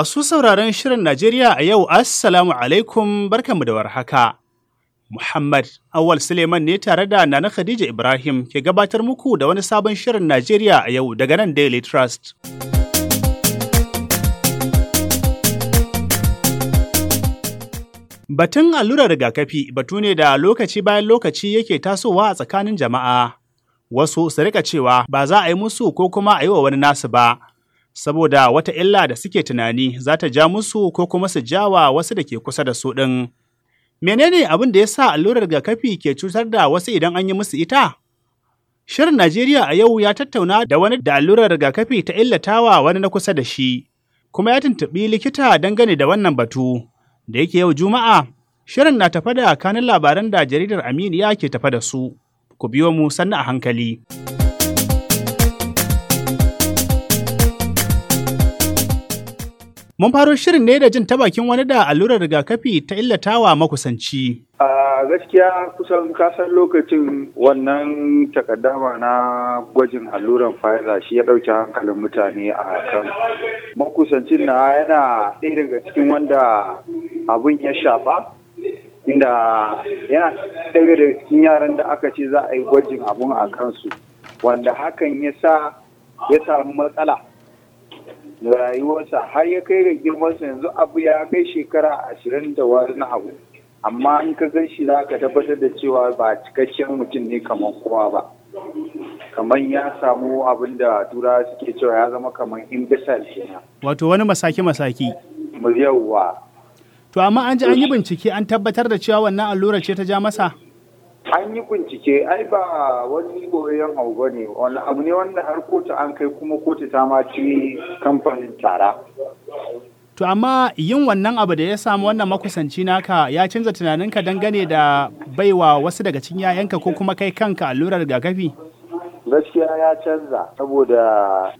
Masu sauraron Shirin Najeriya a yau, Assalamu alaikum barkanmu da warhaka. Muhammad Awal Suleiman ne tare da Nana Khadija Ibrahim ke gabatar muku da wani sabon Shirin Najeriya a yau daga nan Daily Trust. Batun allurar rigakafi batu ne da lokaci bayan lokaci yake tasowa a tsakanin jama'a. Wasu su rika cewa ba za a yi musu ko kuma a yi wa wani nasu ba. saboda wata illa da suke tunani za ta ja musu ko kuma su jawa wasu da ke kusa da su ɗin. Menene abin da ya sa allurar rigakafi ke cutar da wasu idan an yi musu ita? Shirin Najeriya a yau ya tattauna da wani da allurar rigakafi ta illatawa wani na kusa da shi, kuma ya tuntuɓi likita dangane da wannan batu. Da yake yau Juma'a, shirin na tafa da kanin labaran da jaridar Aminiya ke tafa da su. Ku biyo mu sannu a hankali. Mun faro shirin ne da jin ta bakin wani da allurar rigakafi ta illatawa makusanci. A gaskiya kusan kasan lokacin wannan takaddama na gwajin alluran Pfizer shi ya ɗauki hankalin mutane a kan. Makusancin na yana ɗaya daga cikin wanda abun ya shafa inda yana ɗaya daga cikin yaran da aka ce za a yi gwajin abun a kansu wanda hakan ya sa ya samu matsala. rayuwarsa har ya kai ga girmansa yanzu abu ya kai shekara ashirin da wani abu amma an ka gan shi ka tabbatar da cewa ba cikakken mutum ne kamar kowa ba kamar ya samu abin da tura suke cewa ya zama kamar imbecile kenan wato wani masaki masaki yawwa to amma an ji an yi bincike an tabbatar da cewa wannan allura ce ta ja masa an yi bincike ai ba wani goyon hau ba ne wani abu ne wanda har kotu an kai kuma kotu ta ma ci kamfanin tara to amma yin wannan abu da ya samu wannan makusanci naka ya canza tunaninka dangane da baiwa wasu daga cikin yayanka ko kuma kai kanka allurar rigakafi gaskiya ya canza saboda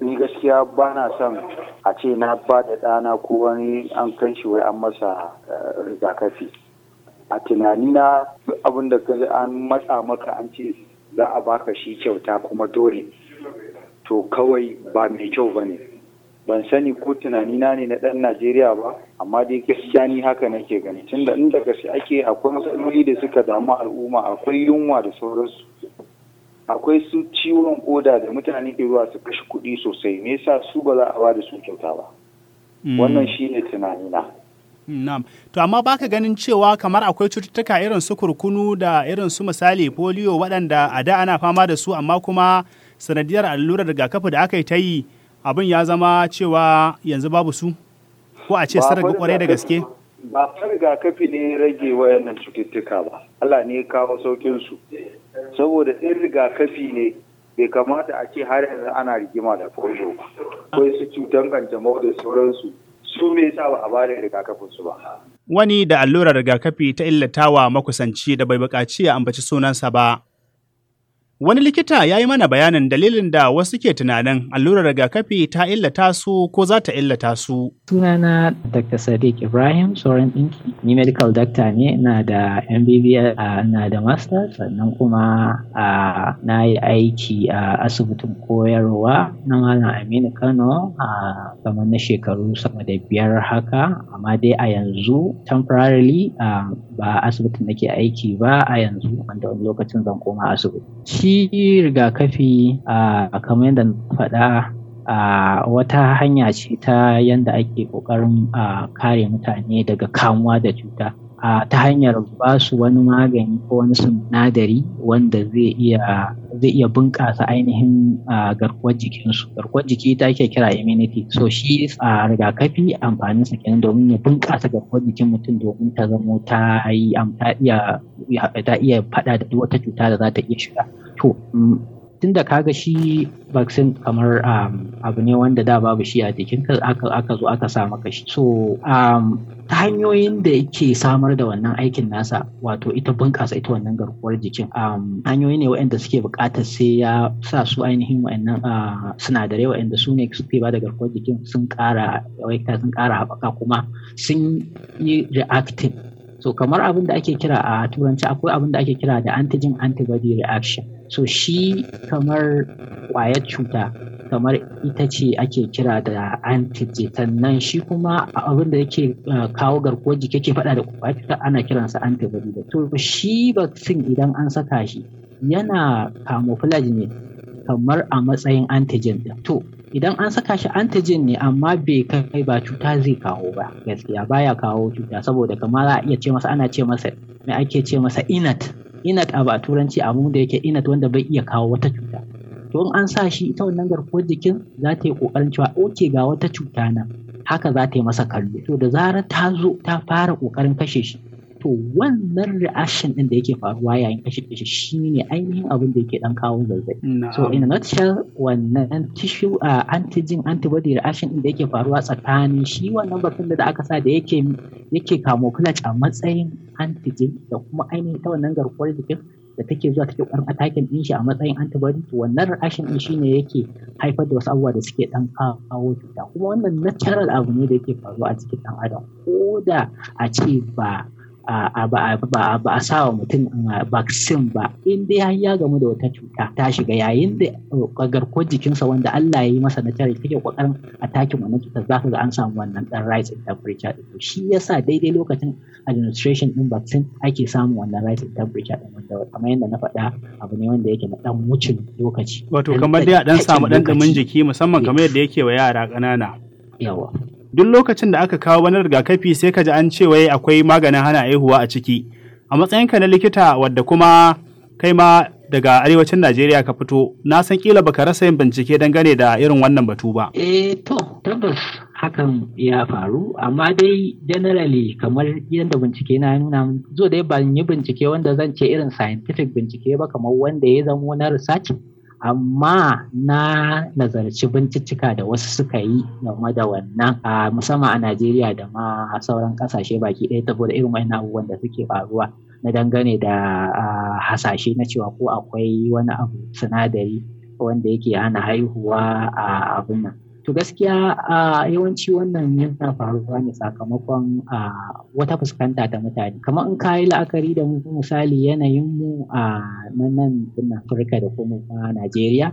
ni gaskiya ba na son a ce na ba da ɗana ko wani an kan shi wai an masa eh, rigakafi a tunanina abin da ka an matsa maka an ce za a baka shi kyauta kuma dole to kawai ba mai kyau ba ne ban sani ko tunanina ne na ɗan najeriya ba amma dai gaskiya ni haka nake gani tunda inda gaske ake akwai matsaloli da suka damu al'umma akwai yunwa da sauransu akwai su ciwon koda da mutane ke su kashe kuɗi sosai me yasa su ba za a ba da su kyauta ba mm. wannan shine tunanina Na'am. To amma baka ganin cewa kamar akwai cututtuka irin su kurkunu da irin su misali polio waɗanda a da ana fama da su amma kuma sanadiyar allurar rigakafi da aka yi ta yi abin ya zama cewa yanzu babu su ko a ce sun kwarai da gaske. Ba fa rigakafi ne rage wayannan cututtuka ba. Allah ne ya kawo saukin su. Saboda in rigakafi ne bai kamata a ce har yanzu ana rigima da polio ba. Akwai su cutan kanjamau da sauransu. su me yasa ba a ba da rigakafin su ba. Wani da allurar rigakafi ta illatawa makusanci da bai buƙaci a ambaci sunansa ba Wani likita ya yi mana bayanin dalilin da wasu ke tunanin allurar rigakafi ta illata su ko za ta illata su. Sunana Dr. Sadiq Ibrahim Soren Dinki, ni medical doctor ne, na da MBBS, na da master, sannan kuma na yi aiki a asibitin koyarwa na Malam Aminu Kano a kamar na shekaru sama da biyar haka, amma dai a yanzu temporarily ba asibitin nake aiki ba a yanzu, wanda wani lokacin zan koma asibiti. shi rigakafi a kamar yadda na faɗa a wata hanya ce ta yadda ake ƙoƙarin kare mutane daga kamuwa da cuta ta hanyar ba su wani magani ko wani sinadari wanda zai iya zai iya bunƙasa ainihin garkuwar jikinsu garkuwar jiki ta ake kira immunity so shi a rigakafi amfanin sa kenan domin ya bunƙasa garkuwar jikin mutum domin ta zamo ta yi ta iya faɗa da wata cuta da za ta iya shiga to mm, tun da kaga shi vaccine kamar um, abu ne wanda da babu shi a jikin aka, aka zo aka sa maka shi so um, ta hanyoyin da yake samar da wannan aikin nasa wato ita bunƙasa ita wannan garkuwar jikin um, hanyoyi ne waɗanda suke buƙatar sai ya sa su ainihin waɗannan uh, sinadarai waɗanda su ne suke ba da garkuwar jikin sun ƙara yawaita sun ƙara haɓaka kuma sun yi reactive so kamar abin da ake kira a turanci akwai abin da ake kira da antigen antibody reaction so shi kamar kwayar cuta kamar ita ce ake kira da antigen sannan shi kuma abin da yake eh, kawo garkuwar jiki yake faɗa da kwayar cuta ana kiransa antibody to shi vaccine idan an saka shi yana camouflage ne kamar a matsayin antigen to idan an saka shi antigen ne amma bai kai ba cuta zai kawo ba gaskiya baya kawo cuta saboda kamar a iya ce masa ana ce masa me ake ce masa inat. inat a ba turanci abun da yake inat wanda bai iya kawo wata cuta to in an sa shi ita wannan garkuwar jikin za ta yi kokarin cewa oke ga wata cuta na' haka za ta yi masa kallo to da zarar ta zo ta fara kokarin kashe shi to wannan reaction din da yake faruwa yayin kashe kashe ne ainihin abin da yake dan kawo zazzabi so in a nutshell wannan tissue antigen antibody reaction din da yake faruwa tsakanin shi wannan bakin da aka sa da yake yake camouflage a matsayin antigen da kuma ainihin ta wannan garkuwar jikin da take zuwa take ƙwarin atakin din shi a matsayin antibody to wannan reaction din shine yake haifar da wasu abubuwa da suke dan kawo cuta kuma wannan natural abu ne da yake faruwa a cikin dan adam ko da a ce ba ba a sa wa mutum vaccine ba in dai an ya gamu da wata cuta ta shiga yayin da garkuwar jikinsa wanda Allah ya yi masa na cari take kokarin attacking wannan cutar ka ga an samu wannan dan rise in temperature din shi yasa daidai lokacin administration din vaccine ake samun wannan rise in temperature din wanda kamar yadda na faɗa abu ne wanda yake na dan wucin lokaci wato kamar dai a dan samu dan jiki musamman kamar yadda yake wa yara ƙanana yawa duk lokacin da aka kawo wani rigakafi sai ka ji an ce wai akwai maganin hana haihuwa a ciki a matsayinka na likita wadda kuma kai ma daga arewacin Najeriya ka fito na san kila baka rasa yin bincike dangane da irin wannan batu ba eh to tabbas hakan ya faru amma dai generally kamar yadda bincike na nuna zo dai ban yi bincike wanda zan ce irin scientific bincike ba kamar wanda ya zama na research amma na nazarci bincicika da wasu suka yi game da wannan a musamman a Najeriya da ma sauran kasashe baki ɗaya ta saboda irin wani abubuwan da suke faruwa na dangane da hasashe na cewa ko akwai wani abu sinadari wanda yake hana haihuwa a abin nan To gaskiya a yawanci wannan yana faruwa ne sakamakon a wata fuskanta ta mutane. Kamar in kayi la'akari da mu misali yanayin mu a nan nan Afirka da kuma Najeriya.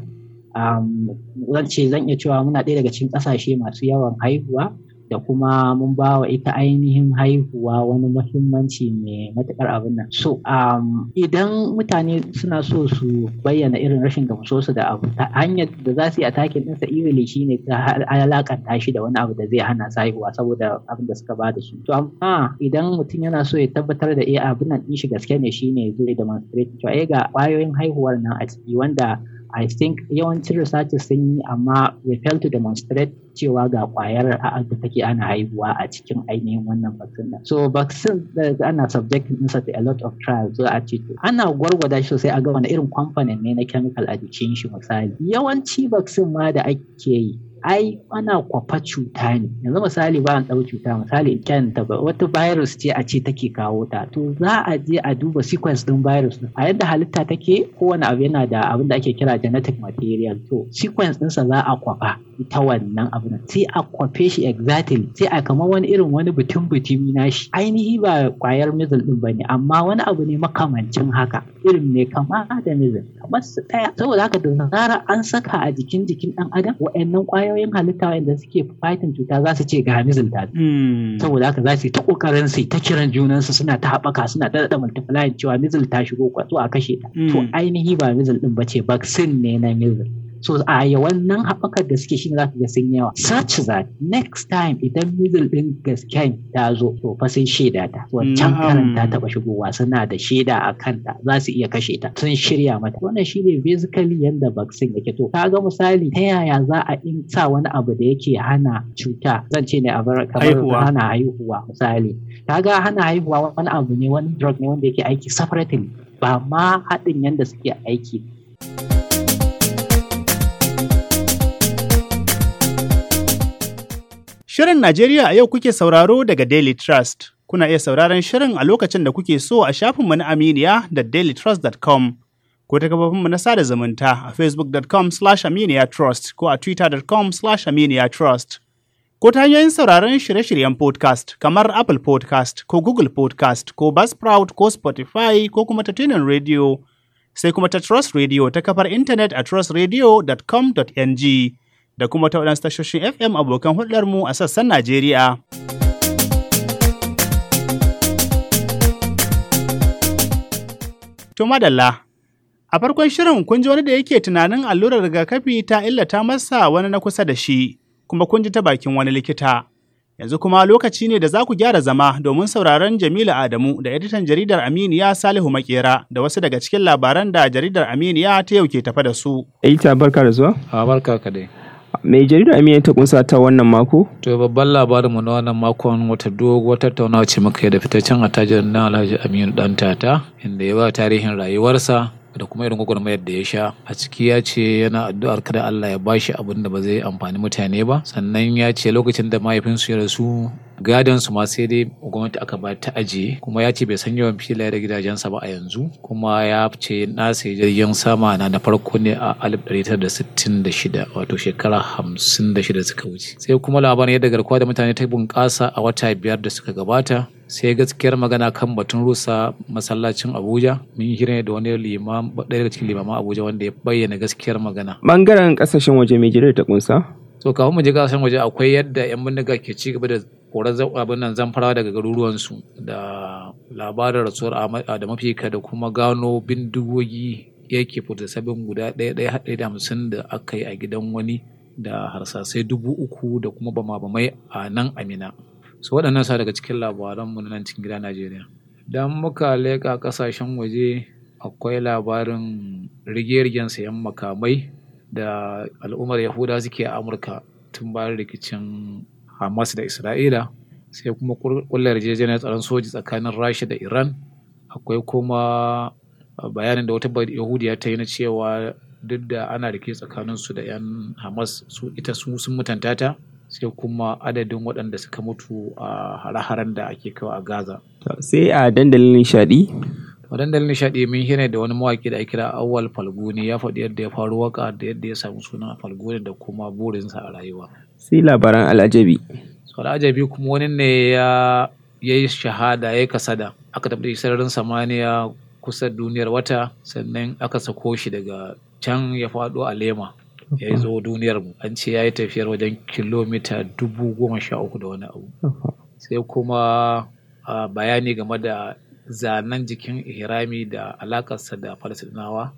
Zan zan iya cewa muna ɗaya daga cikin ƙasashe masu yawan haihuwa da kuma mun ba wa ita ainihin haihuwa wani muhimmanci mai matuƙar abin nan. So, um, idan mutane suna so su bayyana irin rashin gamsuwarsu da abu, hanyar da za su yi a takin ɗinsa iwili shi ne ta alakanta shi da wani abu da zai hana su haihuwa saboda abin da suka bada da shi. To, amma idan mutum yana so ya tabbatar da iya eh, abin nan ɗin shi gaske ne shi ne zai demonstrate cewa ga ƙwayoyin haihuwar nan a ciki wanda I think yawancin researches sun yi amma we fail to demonstrate cewa ga kwayar da take ana haihuwa a cikin ainihin wannan vaccine din. So vaccine ana subject ɗinsa to a lot of trials so a cikin ana gwargwada shi sosai a ga wani irin component ne na chemical a jikin shi misali. Yawanci vaccine ma da ake yi ai ana kwafa cuta ne yanzu misali ba an ɗau cuta misali ta ba wata virus ce a ce take kawo ta to za a je a duba sequence din virus din a yadda halitta take kowane abu yana da abin ake kira genetic material to sequence ɗinsa za a kwafa ita wannan abu sai a kwafe shi exactly sai a kama wani irin wani butun butumi na shi ainihi ba kwayar mizil din ne amma wani abu ne makamancin haka irin ne kama da mizil kamar su ɗaya saboda haka da zarar an saka a jikin jikin ɗan adam wa'annan kwayar kwayoyin halitta wanda suke fighting cuta za su ce ga hamizin ta hmm. saboda haka za su yi ta kokarin su ta kiran junansu suna ta haɓaka suna ta da multiplying cewa mizil ta shigo kwatso a kashe ta to hmm. ainihi ba mizil din ce vaccine ne na mizil so a wannan haɓakar da suke shi za ka ga sun yawa such that next time idan middle ɗin gasken ta zo to fa sun shaida ta wancan karanta ta taɓa shigowa suna da shaida a kanta za su iya kashe ta sun shirya mata wannan shi ne basically yadda vaccine yake to ka ga misali ta yaya za a in sa wani abu da yake hana cuta zan ce ne a bar kamar hana haihuwa misali ka ga hana haihuwa wani abu ne wani drug ne wanda yake aiki separately ba ma haɗin yadda suke aiki. Shirin Najeriya a yau kuke sauraro daga Daily Trust. Kuna iya sauraron shirin a lokacin da kuke so a shafinmu na Aminiya da dailytrust.com ko ta mu na sada zumunta a facebook.com slash aminiyatrust ko a twitter.com slash aminiyatrust ko ta hanyoyin sauraron shirye-shiryen podcast kamar Apple podcast ko Google podcast ko Buzzsprout ko Spotify ko kuma ta tunin radio sai kuma ta Trust Radio ta kafar intanet a trustradio.com.ng. da kuma ta waɗansu tashoshin FM abokan hulɗarmu a sassan Najeriya. To madalla, a farkon shirin kun ji wani da yake tunanin allurar rigakafi ta illata masa wani na kusa da shi, kuma kun ji ta bakin wani likita. Yanzu kuma lokaci ne da za ku gyara zama domin sauraron Jamilu Adamu da editan jaridar Aminiya Salihu Makera da wasu daga cikin labaran da jaridar Aminiya ta yau ke tafa da su. Eita barka da zuwa? A barka ka dai. mai jaridar Aminiya ta kunsa ta wannan mako? To babban labarin mu na wannan makon wata doguwar tattaunawa ce muka yi da fitaccen attajirin na Alhaji Aminu Dan Tata inda ya ba tarihin rayuwarsa da kuma irin gwagwarmayar da ya sha a ciki ya ce yana addu'ar kada Allah ya bashi abin da ba zai amfani mutane ba sannan ya ce lokacin da mahaifinsu ya rasu gadon su ma sai dai gwamnati aka ba ta ajiye kuma ya ce bai san yawan filaye da gidajensa ba a yanzu kuma ya ce na sai jirgin sama na na farko ne a 1966 wato shekara 56 suka wuce sai kuma labarin yadda garkuwa da mutane ta bunƙasa a wata biyar da suka gabata sai gaskiyar magana kan batun rusa masallacin abuja mun hira da wani liman ɗaya daga cikin limaman abuja wanda ya bayyana gaskiyar magana bangaren kasashen waje mai jirage ta kunsa to kafin mu je kasashen waje akwai yadda yan bindiga ke ci gaba da korar abin nan zamfara daga garuruwansu da labarin rasuwar ah, da mafika da kuma gano bindigogi yake fita sabin guda ɗaya ɗaya haɗe da hamsin da aka yi a gidan wani da harsasai dubu uku da kuma bama bamai a nan amina su waɗannan sa daga cikin labaranmu na nan cikin gida najeriya don muka leƙa ƙasashen waje akwai labarin rige-rigen sayan makamai da al'ummar yahuda suke a amurka tun bayan rikicin Hamas da Isra'ila sai kuma kullar yarjejeniyar tsaron soji tsakanin Rasha da Iran akwai kuma bayanin da wata Yahudiya ta yi na cewa duk da ana rike tsakanin su da 'yan Hamas su ita su sun mutanta ta sai kuma adadin waɗanda suka mutu a hare-haren da ake kawo a Gaza. Sai a dandalin nishaɗi? Wadan dalilin nishaɗi mun hira da wani mawaƙi da ake kira Auwal Falguni ya faɗi yadda ya faru waƙa da yadda ya samu sunan Falguni da kuma burinsa a rayuwa. Sai labaran al'ajabi. So al'ajabi kuma wani ne ya ya shahada ya yi kasada aka tafi sararin samaniya kusa duniyar wata sannan aka sako shi daga can ya faɗo a lema ya zo duniyar mu an ce ya yi tafiyar wajen kilomita dubu goma sha uku da wani abu sai kuma bayani game da zanen jikin ihrami da alakarsa da Falasɗinawa.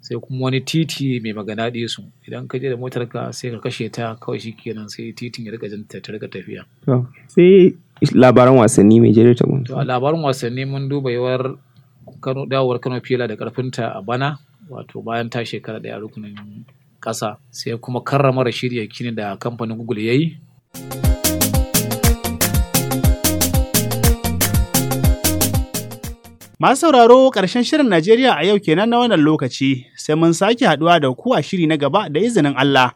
Sai kuma wani titi mai magana su Idan ka je da motarka sai ka kashe ta kawai shi kenan sai titin ya riƙa jan ta rika tafiya. Sai labaran wasanni mai jere ta gunta labaran wasanni mun duba yawar Kano dawowar Kano fila da ƙarfinta a bana wato bayan ta shekara ɗaya rukunin ƙasa sai kuma karrama ya Yakini da kamfanin Google ya yi. Masu sauraro ƙarshen shirin Najeriya a yau kenan na wannan lokaci, sai mun sake haɗuwa da ku a shiri na gaba da izinin Allah.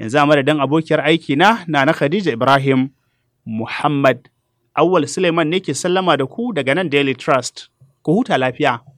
Yanzu a madadin abokiyar aiki na na na Khadija Ibrahim, Muhammad, Auwal Suleiman ne ke sallama da ku daga nan Daily Trust. Ku huta lafiya.